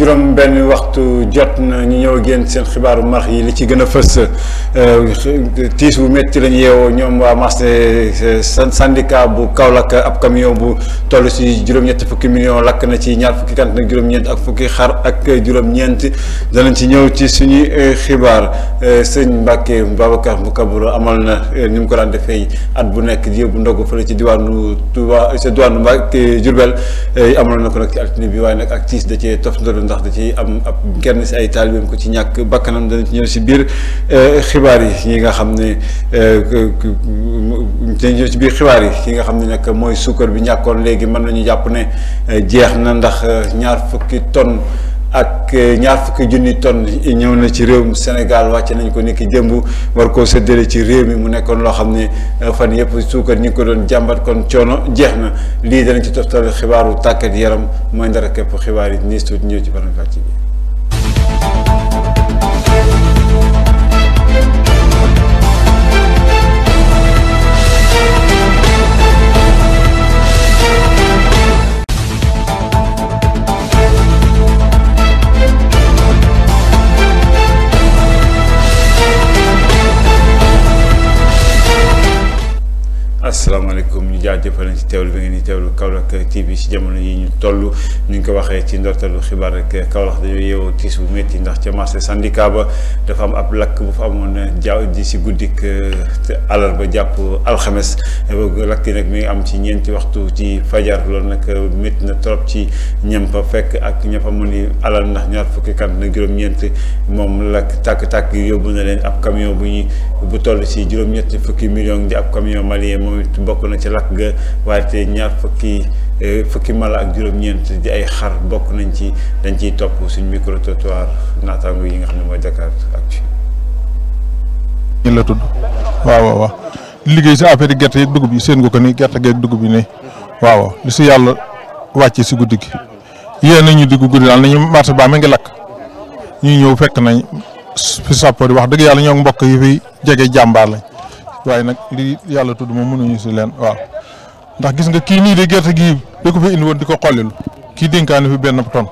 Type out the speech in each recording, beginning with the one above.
juróom benn waxtu jot na ñu ñëw génn seen xibaaru max yi li ci gën a fës euh, tiis bu metti lañ yeewoo ñoom waa marché euh, syndicat bu kaw Kaolack ab camion bu toll si juróom-ñetti fukki million lakk na ci ñaar fukki kant nag ak fukki xar ak juróom danañ ci ñëw ci suñuy euh, xibaar sëñ Mbacke Babacar Moukabaro amal na ni mu ko daan defee at bu nekk bu ndogu fële ci diwaanu Touba sa diwaanu Mbacke Diourbel amal na ko nag ci altine bi waaye nag ak tiis da cee tof ndax da ci am ab genn si ay taalibeem ko ci ñàkk bakkanam dana ci ñëw si biir eh, xibaar yi ñi nga xam ne eh, dana ñëw si biir xibaar yi ki nga xam ne nag mooy suukar bi ñàkkoon léegi mën nañu jàpp ne eh, jeex na ndax ñaar fukki ton ak eh, ñaar fukki junni tonnes ñëw na ci réewum Sénégal wàcce nañ ko niki jëmb war koo séddale ci réew mi mu nekkoon loo xam ne eh, fan yëpp suukar ñi ngi ko doon jàmbat kon coono jeex na lii danañ ci toftal xibaaru tàkkat yaram mooy ndara képp xibaar yi nii tuuti ñëw ci faram fàcce bi k'a tɛ falen tɛ e fɛ ni perspective yi ci jamono yi ñu toll ñu ngi ko waxee ci ndortalu xibaar rek Kaolack dañoo yeewoo tiis bu métti ndax ca marché syndicat ba dafa am ab lakk bu fa amoon jaaw ji si guddi guddik ba jàpp alxames lakk nag mi ngi am ci ñeenti waxtu ci fajar loolu nag métti na trop ci ñam fa fekk ak ña fa mën alal ndax ñaar fukki kan na juróom-ñeent moom lakk tàkk-tàkk yóbbu na leen ab camion bu ñuy bu toll si juróom-ñetti fukki million di ab camion malien moom it bokk na ci lakk ga waaye te ñaar fukki Eh, fukki mala ak juróom-ñeent di ay xar bokk nañ ci dañ ciy topp suñ micro trottoir naataango yi nga xam ne mooy Dakaractu. ñu la tudd si affaire gerte dugub yi seen ko ko ni gerte geeg dugub yi ne si yàlla wàccee si guddi gi yéen nañu diggu guddi marché baa mi ngi lakk ñu ñëw fekk nañ fi yi wax dëgg yàlla ñoo mbokk yi fi jege jàmbaar waaye nag li yàlla tudd moom mënuñu si leen waaw. ndax gis nga ki ni de gerte gi de ko fi indi won diko xolil ki denkan fi ben ton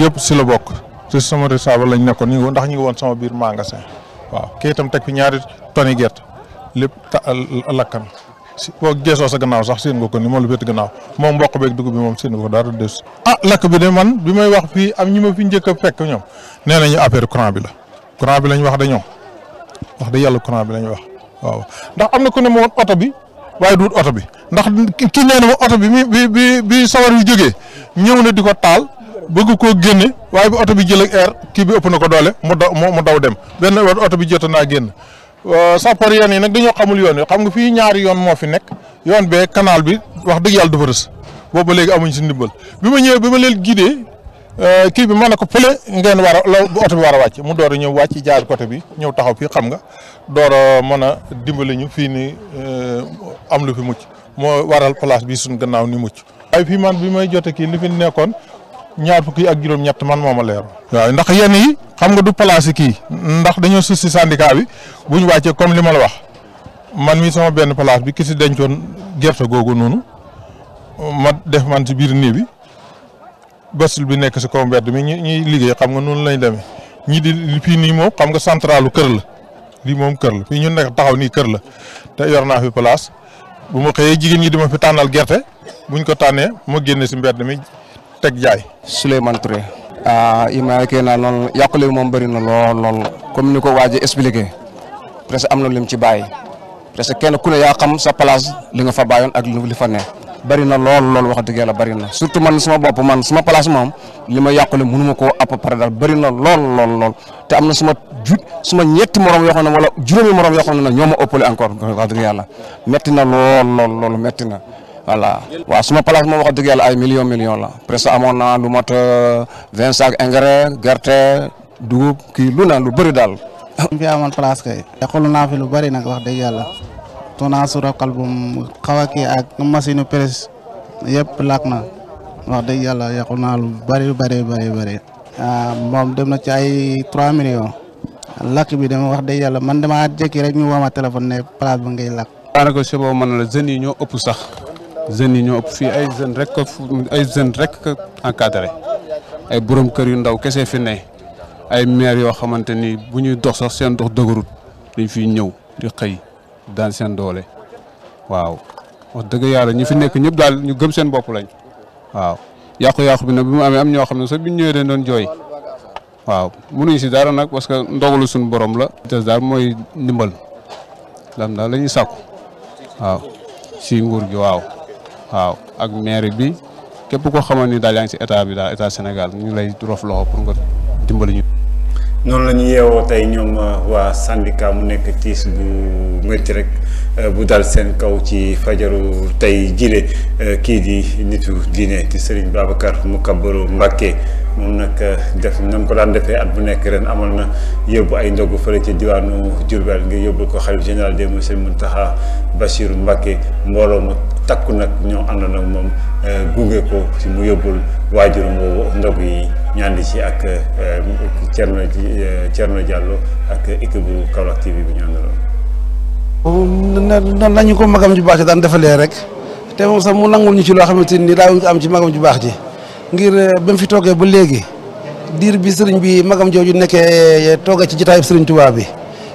yëpp ci la bok ci sama resaba lañ nekkon ñi ndax ñi won sama bir magasin waaw ke tam tek fi ñaari toni gerte lepp ta lakkan si boo geesoo sa gannaaw sax seen ngoko ni mo lu bet gannaaw mo mbokk dug bi mom seen ngoko dara des ah lak bi de man bi may wax fi am ñima fi njëkk a ñom ñoom nee affaire courant bi la courant bi lañ wax dañu wax de yalla courant bi lañ wax waaw ndax amna ku ne auto bi waaye duut oto bi ndax ki nee na ma oto bi bi bi bi sawar yu jógee ñëw na di ko taal bëgg koo génne waaye bi oto bi jël ak kii bi ëpp na ko doole mu daw mu daw dem benn oto bi jot naa génn. sapeur yoon yi nag dañoo xamul yoon yi xam nga fii ñaari yoon moo fi nekk yoon bee kanaal bi wax dëgg yàlla dafa rës boobu ba léegi amuñ si ndimbal bi ma ñëwee bi ma leen guidé Euh, kii bi ma ne ko pële ngeen war a loolu oto bi war a wàcc mu door a ñëw wàcc jaar côté bi ñëw taxaw fii xam nga door mën a dimbali ñu fii ni euh, am lu fi mucc moo waral place bi suñ gannaaw ni mucc waaye fii man bi may kii li nekkoon ñaar fukki ak juróom man moo ma leer ndax yenn yi xam nga du place yi ndax dañoo si syndicat bi bu ñu wàccee comme li ma la wax man mi benn place bi ki si dencoon gerte googu noonu ma def man si biir nii bi bascule bi nek ci ko mbedd mi ñi ñuy liggéey xam nga noonu lañ démé ñi di fi ni moom xam nga centralu kër la li mom kër la fi ñu nek taxaw ni kër la té yor naa fi place bu ma xeyé jigéen ñi dima fi tanal gerté buñ ko tané mo génné ci mbedd mi tek jaay. Souleymane Touré. ah ima kee na non yàqule mom bari na lool lool comme niko waji expliquer presque amna na lim ci baye presque kenn ku ne ya xam sa place li nga fa bayon ak li fa ne. bari na lool lool wax dëgg yàlla bari na surtout man suma bopp man suma place moom li ma yàqule mënu ma koo àpp pare daal bari na lool lool lool te am na suma ju suma ñetti morom yoo xam ne wala juróomi morom yoo xam ne ñoo ma ëppale encore wax dëgg yàlla métti na lool lool lool métti na voilà waaw suma place moom wax dëgg yàlla ay million millions la presque amoon na lu mat euh, vingt sacs engrais gerte dugub kii lu na lu bëri daal. fi amoon place kay. xool naa fi lu bari nag wax dëgg yàlla. tonaasura qalbum xaw a kii ak machine presse yëpp lakk na wax dëgg yàlla yàqu naa lu bëri bëri bëri bëri. Ah, moom dem na ci ay 3 millions. lakk bi dama wax dëgg yàlla man damaa jékki rek ñu wax ma téléphone ne place ba ngay lakk. daanaka si boobu man la jeunes yi ñoo ëpp sax jeunes yi ñoo ëpp fii ay jeunes rek ay jeunes rek encadré ay borom kër yu ndaw kese fi ne ay maire yoo xamante ni ñuy dox sax seen dox dëgërut dañ ñëw di xëy. daan seen doole waaw wax dëgg yàlla ñu fi nekk ñëpp daal ñu gëm seen bopp lañ waaw yàqu-yàqu bi nag bi mu amee am ñoo xam ne sax bi ñëwee dañ doon jooy waaw mënuñ si dara nag parce que ndogalu suñu borom la des daal mooy ndimbal lam daal la ñuy sàkku waaw si nguur gi waaw waaw ak maire bi képp koo xamoon ni daal yaa ngi si état bi daal état Sénégal ñu lay rof loxo pour nga dimbali ñu noonu la ñu yeewoo tey ñoom euh, waa syndicat mu nekk tiis bu métti rek euh, bu dal seen kaw ci fajaru tey jile euh, kii di nitu diine di Serigne mu Moukabaru Mbacké moom nag def nam ko daan defee at bu nekk ren amal na yóbbu ay ndogu fële ci diwaanu Diourbel ngir yóbbu ko xalif général des Mourides Serigne Mountakha Bassirou Mbacké mbooloo ma takku nag ñoo àndoon ak moom euh, gunge ko ci mu yóbbul waajuram woowu ndogu yi ñu ànd ci ak euh, Thierno euh, Thierno Diallo ak équipe bu Kaolack TV bi ñu àndaloon. na la ñu ko magam ju baax ji daan defalee rek te moom sax mu nangul ñu ci loo xamante ni daawuñ ko am ci magam ju baax ji ngir ba mu fi toogee ba léegi diir bi sëriñ bi magam jooju nekkee toogee ci jotaayu sëriñ tubaab bi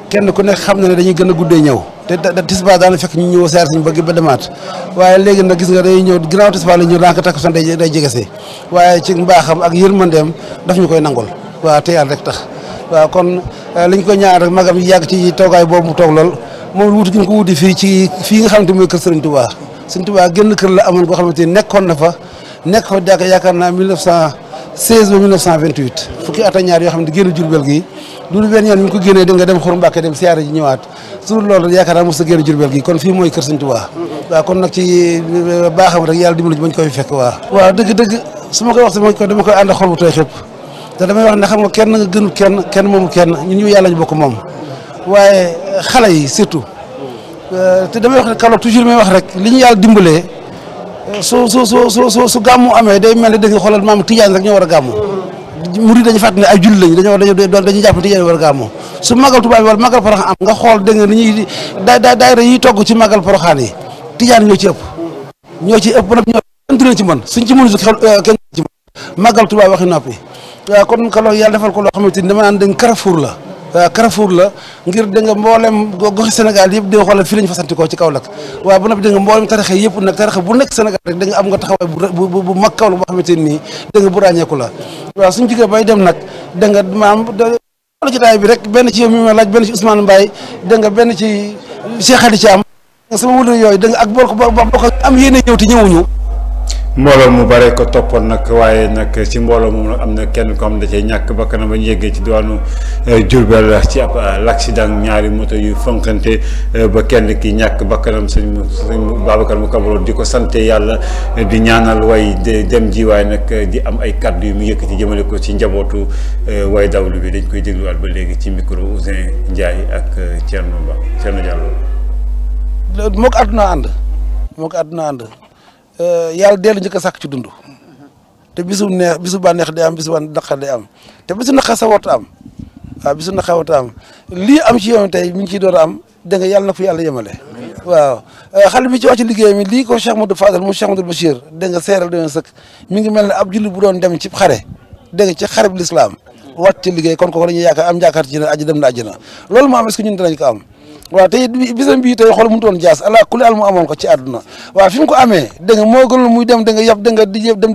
kenn ku nekk xam na ne dañuy gën a guddee ñëw. te da tisbaar daana fekk ñu ñëw seer suñu bëgg ba demaat waaye léegi nag gis nga day ñëw ginnaaw tisbaar la ñu daanaka takkusaan day day jege see waaye ci mbaaxam ak yërmandeem daf ñu koy nangul waaw te yàlla rek tax waaw kon eh, liñ ko ñaar rek magam yàgg ci toogaay boobu mu toog lool moom wut gi ñu ko wuti fii ci fii nga xamante mooy kër Serigne Touba Serigne Touba génn kër la amoon goo xamante nekkoon na fa nekk fa jàkk yaakaar naa 1900 16 ba 1928 fukki at ak ñaar euh, koy fekk waaw koy wax dama koy ànd xol bu tooy xëpp damay wax ne xam nga kenn nga gënu kenn kenn moomu kenn ñun ñu yàlla ñu bokk moom waaye xale yi surtout euh, te damay wax ne Kaolack toujours may wax rek li yàlla dimbalee su su su su su gàmmu amee day mel ne dëgg xoolal maam tijaan rek ñoo war a gàmmu murid dañu fàtt ne ay julli lañu dañoo dañoo dañuy jàpp tijaan war a gàmmu su magal tubaab yi wala magal poroxaan am nga xool dégg nga ni ñuy da da daayira yi togg ci magal poroxaan yi tijaan ñoo ci ëpp ñoo ci ëpp nag ñoo kenn dinañ ci mën suñ ci mënul xel euh, kenn ci mën magal tubaab euh, kon ko loolu defal ko loo xamante ni dama naan dañ fuur la Euh, Carrefour la ngir dégg nga mboolem goxi Sénégal yëpp di nga xoolal fii lañu ñu fasantikoo ci Kaolack waaye bu noppi dégg nga mboolem tarixa yëpp nag tarixa bu nekk Sénégal rek dégg nga am nga taxawaay bu bu mag Kaolack boo xamante nii dégg bu ràññeeku la waaw suñu jógee bay dem nag dégg nga maam xool jotaay bi rek benn ci yow mi ma laaj benn ci Ousmane Mbaye nga benn ci Cheikh Khady Thiam sama wëlu yooyu dégg ak boo ko boo ko am yéene ñëw te ñëwuñu mbooloo mu bare ko toppoon nag waaye nag ci mbooloo moom nag am na kenn ko am da cee ñàkk bakkanam ba ñu yeggee ci diwaanu eh, Diourbel ci ab eh, l'accident ñaari moto yu fonkante eh, ba kenn ki ñàkk bakkanam sëñ sëñ Babacar mu kabaloon di ko sante yàlla di ñaanal way dem ji waaye nag di am ay kàddu yu mu ci jëmale ko ci njabootu way dawlu bi dañ koy dégluwaat ba léegi ci micro Ousin Ndiaye ak Thierno Ba Thierno Diallo. moo ko àdduna ànd moo ko àdduna ànd Euh, yàlla dellu njëkk a sàkk ci dund te bisu neex bisu bànneex day am bisu ban naqar day am te bisu naqar sa warta am waaw bisu naqar warta am lii am ci yoon tey mi ngi ciy door am dégg nga yàlla na ko yàlla yemale waaw euh, xale bi ci wàcc liggéey mi lii ko Cheikh Modou Fadal mu Cheikh Modou Bachir dégg nga seeral doon sëkk mi ngi mel ne ab julli bu doon dem ci xare dégg nga ci xare bi lislaam wàcc ci liggéey kon kooku dañuy yaakaar am yaakaar ci ne dem na àjjana loolu moo am est-ce que ñun ko am waaw tey bisam bii tey xool mu doon jaas ala kulli al mu amoon ko ci àdduna waaw fi ko amee dégg moo gënal muy dem da nga yab da nga di dem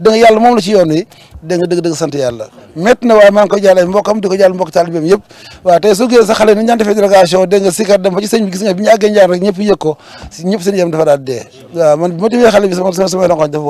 moom la ci yoon wi da nga dëgg yàlla métti waaye maa ngi koy ay mbokkam ko jàll mbokk taalibeem yëpp waaw tey soo gisee sa xale ni ñaan defee délégation sikar dem ba sëñ bi gis nga bi ñu àggee njaar rek ñëpp yëg ko ñëpp seen dafa daal dee man bi ma tëbee xale bi sama sama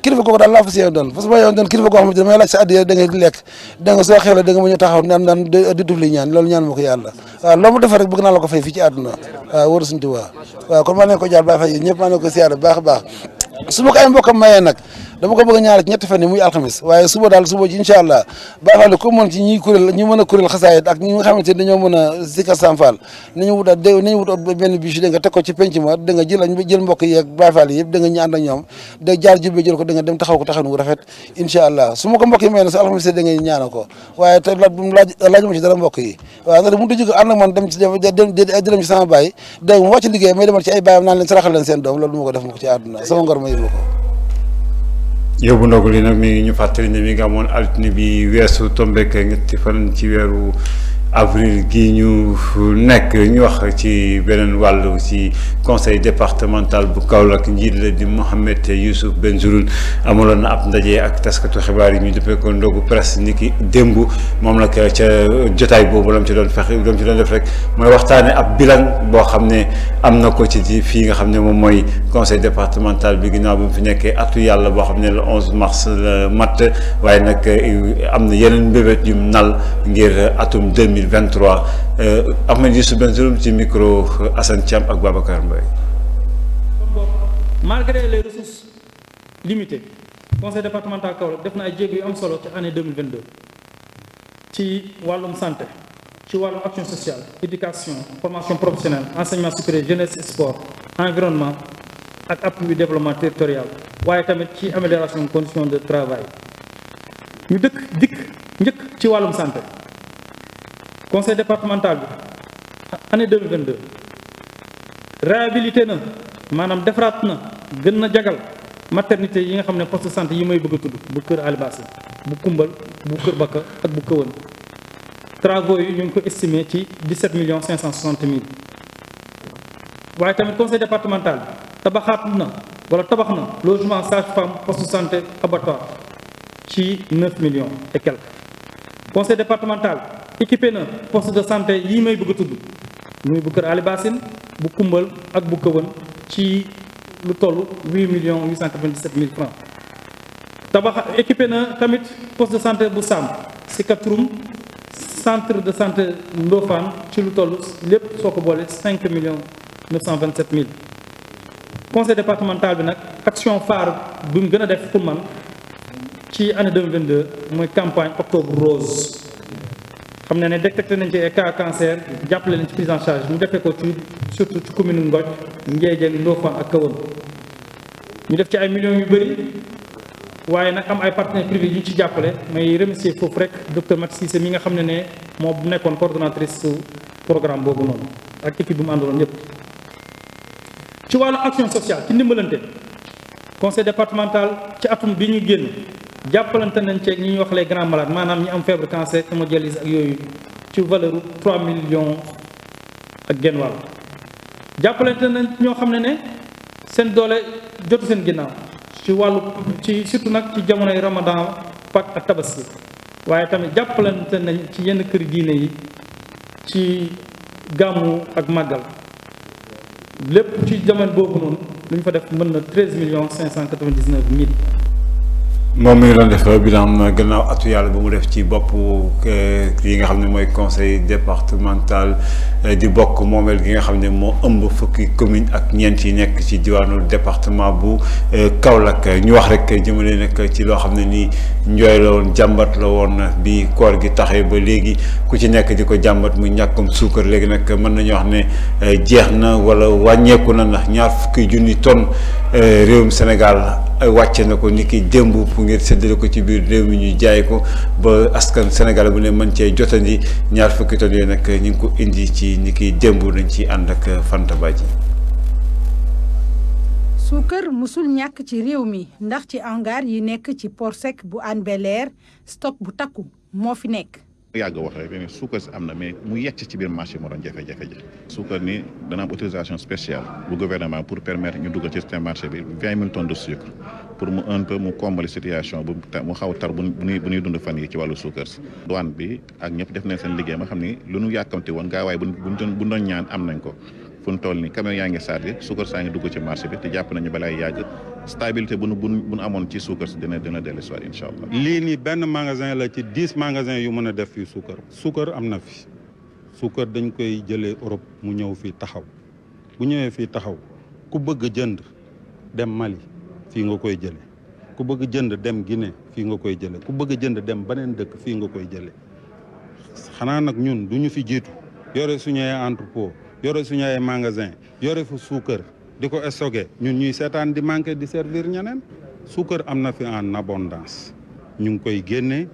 kilifa kooku daal laa fas yéene doon parce que boo doon kilifa koo xamante ne may laaj sa addiya da ngay lekk da nga soo xewle da nga ma ñu taxaw naan naan di duf li ñaan loolu ñaan ma ko yàlla waaw loo mu defee rek bëgg naa la ko fay fii ci àdduna waaw wóor suñu tuwaa waaw kon ko jaar baax fay ñëpp maa leen ko siyaare baax a baax su ma ko ay mbokkam mayee dama ko bëgg a ñaanal ci ñetti fan yi muy alxamis waaye suba daal suba incha allah bàyyi faale ko mën ci ñi kuréel a kuréel xasaayit ak ñi nga a sikka samfaal nañu wut ma da nga jël jël mbokk yi ak bàyyi faale yëpp da nga ñu ànd ak ñoom da jaar jubbe yi may mu dugg ko man dem ci dem liggéey may demal ci ay baayam naan leen saraxal seen doom loolu du def ma ci àdduna sama ngor may ma yóbbu ndogu li nag mi ngi ñu fàttali ne mi ngi amoon altine bi weesu tombeek ti fan ci weeru avril gi ñu nekk ñu wax ci beneen wàllu ci conseil départemental bu Kaolack njiit la di Mouhamed Youssouf Bengelloune amuloon na ab ndaje ak taskatu xibaar yi ñu defee ko ndogu presse ni ki démb moom la ca jotaay boobu la mu ci doon fexe la ci doon def rek mooy waxtaane ab bilan boo xam ne am na ko ci fii nga xam ne moom mooy conseil départemental bi ginnaaw bi mu fi nekkee atu yàlla boo xam ne le mars la mat waaye nag am na yeneen mbébét yu nal ngir atum 2000 2023 euh, Ahmed Youssouf Bengelloune ci micro Hassan euh, Thiam ak Babacar Mbaye. malgré les ressources limitées conseil départemental a def na ay en am solo ci année 2022 ci santé ci action sociale éducation formation professionnelle enseignement supérieur jeunesse et sport environnement ak appui développement territorial waaye tamit ci amélioration conditions de travail ñu dëkk dikk des ci wàllum santé conseil départemental année 2022 réhabilité na manam Defrat na gën na jagal maternité yi nga xamné poste de santé yi may bëgg a tudd bu kër Alibasi bu Kumbal bu kër baka ak bu Këwan travaux yi ñu ko estimé ci 17 millions 560 mille waaye tamit conseil départemental tabaxat na wala tabax na logement sage-femme poste santé abattoir ci 9 millions et quelques conseil départemental équipé na poste de santé yi may bëgg a tudd muy bu kër Ali Bassine bu Kumbal ak bu Këwan ci lu tollu 8 millions francs tabax équipé na tamit poste de santé bu Sam si Katrum centre de santé Ndofane ci lu tollu lepp soko bolé 5 millions conseil départemental bi nak action phare bu mu gëna def pour man ci année 2022 moy campagne octobre rose xam ne ne détecté nañ ci cas cancer jàppale nañ ci prise en charge mu defee ko ci surtout ci commune Ngothie Ndiédiène Ndofane ak Kahone ñu def ci ay millions yu bëri waaye nag am ay partenaires privés yu ci jàppale may remercier foofu rek docteur Mati Cissé mi nga xam ne ne moo nekkoon coordonnatrice programme boobu noonu ak équipe bi mu àndaloon yépp ci wàllu action sociale ci ndimbalante conseil départemental ci atum bi ñu génn jàppalante nañ ci ñi wax les grands malades manam ñi am fièvre cancer hémodialyse ak yoyu ci valeur 3 millions ak genn wàll jàppalante nañ ño xamné né seen doole jotu seen ginnaw ci walu ci surtout nak ci jamonoy ramadan pak ak tabaski waaye tamit jàppalante nañ ci yenn kër diine yi ci gamu ak magal lépp ci jamono boobu noonu luñ fa def mën na 13 599 moom mi ngi doon def bilan gannaaw atu yàlla bu mu def ci bopp eh, yi nga xam ne mooy conseil départemental eh, di bokk moomeel gi nga xam ne moo ëmb fukki commune ak ñeent yi nekk ci diwaanu département bu eh, Kaolack ñu wax rek jëmale nag ci loo xam ne nii njooy la woon jàmbat la woon na bi koor gi taxee ba léegi ku ci nekk di ko jàmbat mu ñàkkum suukar léegi nag mën nañu wax ne jeex na wala wàññeeku na na ñaar fukki junni tonnes réewum Sénégal ay wàcce na ko ni ki démb pour ngir séddale ko ci biir réew mi ñuy jaay ko ba askan senegal bu ne mën cee jotandi ñaar fukki tonnes yooyu nag ñu ngi ko indi ci ni ki démb dañ ci ànd ak Fanta Badji suukar mosul ñàkk ci réew mi ndax ci hangar yi nekk ci port sec bu Hann Bel-Air stock bu takku moo fi nekk yàgg wax rek ne suukar si am na mais mu yegg ci biir marché moo doon jafe-jafe ji suukar ni dana am spéciale bu gouvernement pour permettre ñu duggal ci système marché bi vingt mille tonnes de sucre pour mu un peu mu combler situation bu mu xaw tar bu ñuy bu dund fan yi ci wàllu suukar si douane bi ak ñëpp def nañ seen liggéey ma xam ni lu ñu yàkkamte woon gaawaay bu bu doon ñaan am nañ ko fu ñu toll nii camion yaa ngi chargé suukar saa ngi dugg ci marché bi te jàpp nañu balaa yàgg stabilité bu nu bu nu amoon ci suukar si dina dina dellusiwaat incha allah. lii nii benn magasin la ci dix magasin yu mën a def fii suukar. suukar am na fi suukar dañ koy jëlee Europe mu ñëw fii taxaw bu ñëwee fii taxaw ku bëgg jënd dem Mali fii nga koy jëlee ku bëgg jënd dem Guinée fii nga koy jëlee ku bëgg jënd dem beneen dëkk fii nga koy jëlee xanaa nag ñun du ñu fi jiitu yore suñu entrepôt. yore suñu ay magasin yore fu suukar di ko stocké ñun ñuy seetaan di manqué di servir ñeneen suukar am na fi en abondance ñu ngi koy génne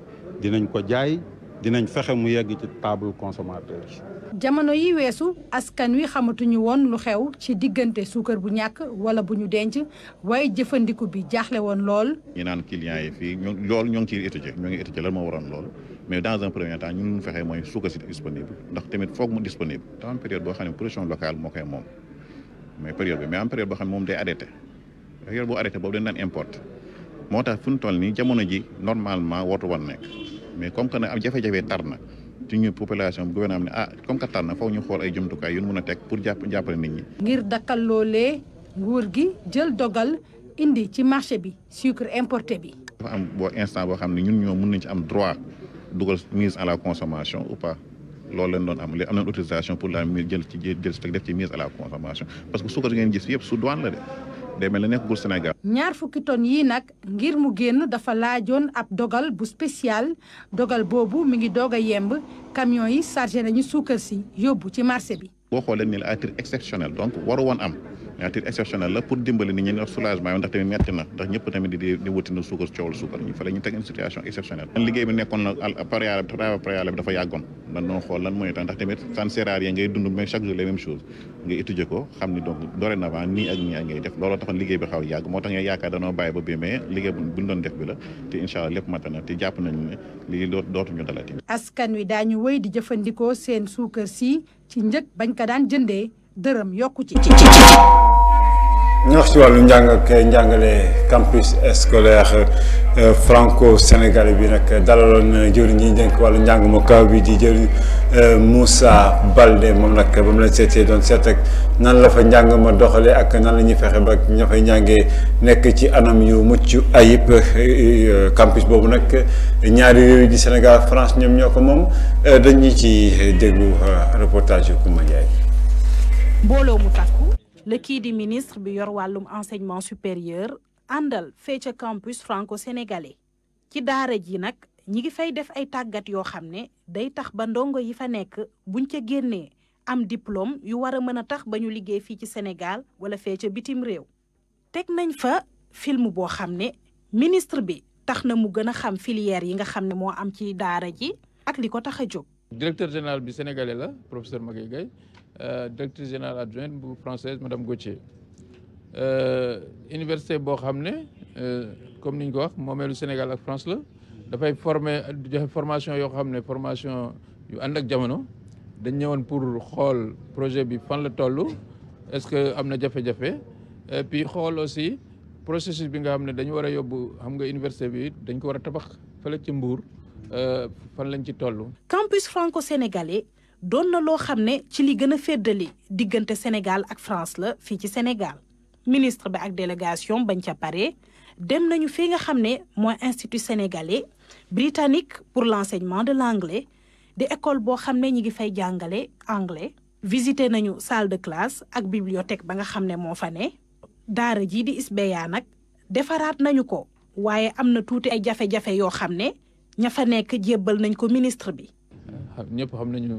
dinañ ko jaay dinañ fexe mu yegg ci table consommateur yi jamono yi weesu askan wi xamatuñu woon lu xew ci diggante suukar bu ñàkk wala bu ñu denc waaye jëfandiku bi jaaxle woon lool. ñu naan clients yi fii ñoo loolu ñoo ngi ciy étudier ñoo ngi étudier lan moo waroon lool mais dans un premier temps ñun ñu fexe mooy suukar si disponible ndax tamit foog mu disponible. dafa am période boo xam ne production locale moo koy moom boo xam ne moom day arrêté période boo arrêté boobu dañ daan importe moo tax fu ñu toll nii jamono ji normalement wootu woon nekk mais comme que nag am jafe-jafe na. ci ñu population gouvernement ne ah comme que tànn foog ñu xool ay jumtukaay yu mun a teg pour jàpp jàppale nit ñi. ngir dakkal loolee nguur gi jël dogal indi ci marché bi sucre importé bi. dafa am boo instant boo xam ne ñun ñoo mun nañ ci am droit dugal mise à la consommation ou pas. loolu lañ doon am léegi am nañ autorisation pour la mise à la consommation parce que suukar ngeen gis yëpp su douane la de day mel ne nekk gul Sénégal. ñaar fukki ton yii nag ngir mu génn dafa laajoon ab dogal bu spécial dogal boobu mi ngi dog a yemb camion yi chargé nañu suukar si yóbbu ci marché bi. boo xoolee ni la à titre exceptionnel donc waru woon am. à titre exceptionnel la pour dimbali nit ñi ne soulagement yi ndax tamit metti na ndax ngay dund mais chaque jour les mêmes choses ngay étudier ko xam ni donc dorénavant nii ak nii ak ngay def looloo taxoon liggéey bi xaw yàgg moo tax ngay yaakaar danoo bàyyi ba bii mais liggéey bu ñu doon def bi la te incha allah lépp matana te jàpp nañu ne lii dootuñu dalati askan wi daañu wéy di jëfandikoo seen suukar si ci njëg bañ ko daan jëndee dërëm yokku ci. ñu wax ci wàllu njàng ak njàngale campus scolaire euh, franco sénégalais bi nag dalaloon jëriñ ñi dénk wàllu njàng mu kaw bi di jëriñ euh, Moussa Balde moom nag ba la seetee doon seet ak nan la fa njànguma ma doxalee ak nan la ñuy fexe ba ña fay njàngee nekk ci anam yu mucc ayib euh, campus boobu nag ñaari réew di Sénégal France ñoom ñoo ko moom dañu ci déglu reportage yu Koumba Ndiaye. mbooloo mu takku la kii di ministre bi yor wàllum enseignement supérieur campus franco-sénégalais ci daara ji nak ñi ngi fay def ay day tax ba ndongo yi fa buñ ca am diplôme yu war a mën Senegal, tax ci Sénégal wala fee bitim réew tek nañ fa film boo xam ministre bi tax na mu gën xam filière yi nga xam mo am ci daara ji ak li ko directeur général bi sénégalais la professeur Euh, directrice générale adjointe française madame Gauthier euh, université euh, comme ko wax Sénégal France la formation formation yu ak pour projet bi fan la est-ce que amna puis aussi processus bi nga xam université bi dañ campus franco-sénégalais don na loo xam ne ci li gën a féddali diggante Sénégal ak France la fii ci Sénégal ministre bi ak délégation bañ ca pare dem nañu fi nga xam ne mooy institut sénégalais britannique pour l'enseignement de l'anglais di école boo xam ne ñi ngi fay jàngale anglais visité nañu salle de classe ak bibliothèque ba nga xam ne moo fa ne daara jii di Hizbiyya nag defaraat nañu ko waaye am na tuuti ay jafe-jafe yoo xam ne ña fa nekk jébbal nañ ko ministre bi ñëpp xam nañu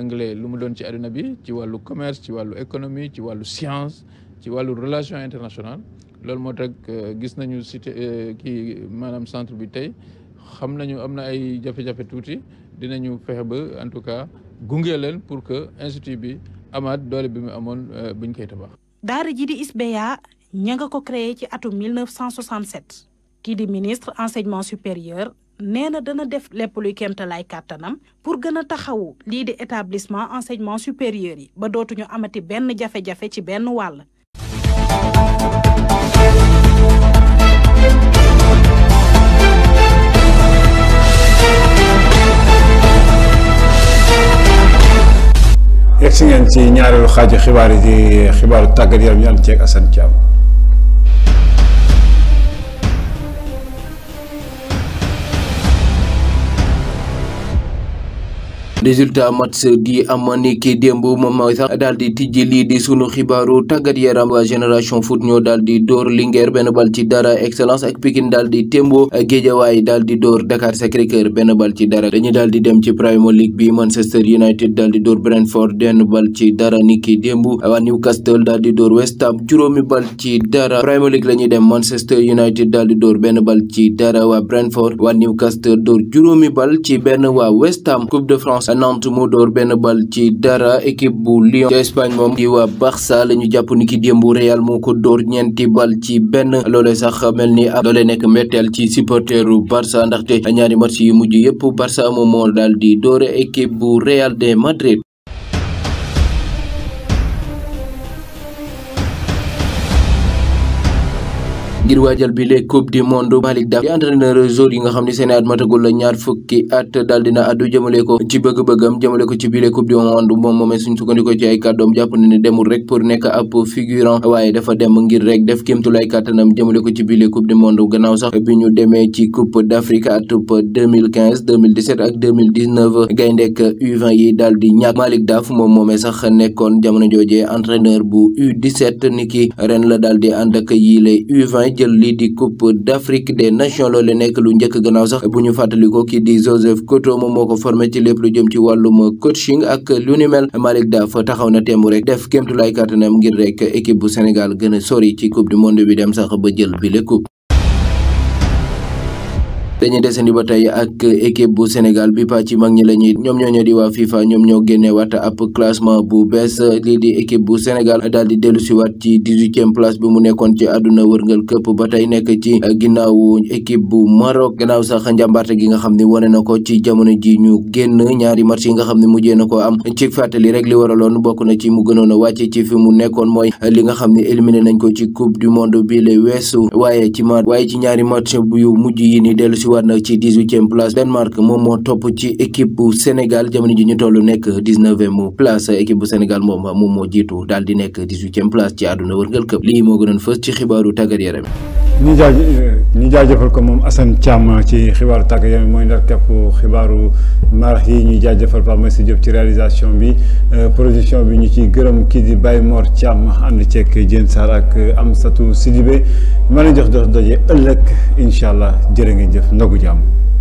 anglais lu mu doon ci àdduna bi ci wàllu commerce ci wàllu économie ci wàllu science ci wàllu relation internationale loolu moo tax euh, gis nañu cité euh, kii maanaam centre bi tey xam nañu am na ay jafe-jafe tuuti dinañu fexe ba en tout cas gunge leen pour que institut bi amaat doole bi mu amoon euh, buñ koy tabax. daara ji di ISBEA ña nga ko créé ci atum 1967 kii di ministre enseignement supérieur. nee na dana def lépp luy kéemtalaay kàttanam pour gën a taxawu lii di établissement enseignement supérieur yi ba dootuñu amati benn jafe-jafe ci benn wàll. yegg si ñaareelu xaaju xibaar yi di xibaaru tàggat yaram ñu résultat match di am ni ki démb moom mooy sax daal di tijji lii di sunu xibaaru tàggat yaram waa génération foot ñoo daal di dóor Linguère benn bal ci dara excellence ak Pikine daal di témbo Guédiawaye daal di dóor Dakar Sacré-Cœur benn bal ci dara dañu daal dem ci Premier League bi Manchester United daal di dóor benn bal ci dara ni ki démb waa Newcastle daal di West Ham juróomi bal ci dara Premier League la dem Manchester United daal di dóor Nantes mu dóor benn bal ci dara équipe bu Lyon ca Espagne moom di waa Barça la ñu jàpp ni ki démbu Real moo ko dóor ñeenti bal ci benn loole sax mel ni ab loole nekk mbetteel ci supporteru Barça ndaxte ñaari match yu mujj yëpp Barça moom moo daal di dóore équipe bu Real de Madrid ngir waajal bi les coupe du monde Malick Daf di entraîneur joueur yi nga xam ne seen at matagul la ñaar fukki at daal dina addu jëmale ci bëgg-bëggam jëmale ci bi les coupe du monde moom moomee suñ sukkandiko ci ay kàddoom jàpp rek pour nekk ab figurant waaye ko ci bi les coupe du monde gannaaw sax bi ñu demee ci coupe d'Afrique atub 2015 2017 ak 2019 gayndek U20 yi daal di ñàkk Malick Daf moom moomee sax nekkoon jamono joojee entraîneur bu U17 niki ren la daal di ànd ak yi les jël lii di coupe d'Afrique des nations loolu nekk lu njëkk gannaaw sax bu ñu fàttaliko kii di Joseph Koto moom moo ko formé ci lépp lu jëm ci wàllum coaching ak lu ni mel Malick Daaf taxaw na teemu rek def kémtulaay kàttanam ngir rek équipe bu Sénégal gën a sori ci coupe du monde bi dem sax ba jël bi le coupe dañuy desandi ba tey ak équipe bu Sénégal bi pa ci mag ñi la ñuy ñoom ñoo ñoo di waa FIFA ñoom ñoo génne waat ab classement bu bees lii di équipe bu Sénégal daal di dellu si waat ci dix-huitième place bi mu nekkoon ci àdduna wërngal këpp ba tey nekk ci ginnaawu équipe bu Maroc gannaaw sax njàmbaarte gi nga xam ne wane na ko ci jamono ji ñu génn ñaari match yi nga xam ne mujjee na ko am ci fàttali rek li waraloon bokk na ci mu gënoon a wàcc ci fi mu nekkoon mooy li nga xam ne éliminé nañ ko ci coupe du monde bi le weesu waaye ci ma waaye ci ñaari match yu mujj yi war na ci dix-huitième place Danemark moom moo topp ci équipe bu Sénégal jamono ji ñu toll nekk dix-neuvième place équipe bu Sénégal moom moom moo jiitu daal di nekk dix-huitième place ci àdduna wërngal këpp lii moo gënoon fës ci xibaaru tàggat ñu jaajëfal ko moom Assane càmm ci xibaaru tàgg yaram mooy ndar képp xibaaru marax yi ñuy jaajëfal Pape Massi Diop ci réalisation bi euh, production bi ñu ciy gërëm kii di Baye Mor Thiam ànd ceeg Diène Sarr ak Amsatou Sidibé ma leen jox dox daje ëllëg incha allah jërë ngeen jëf ndogu jàmm.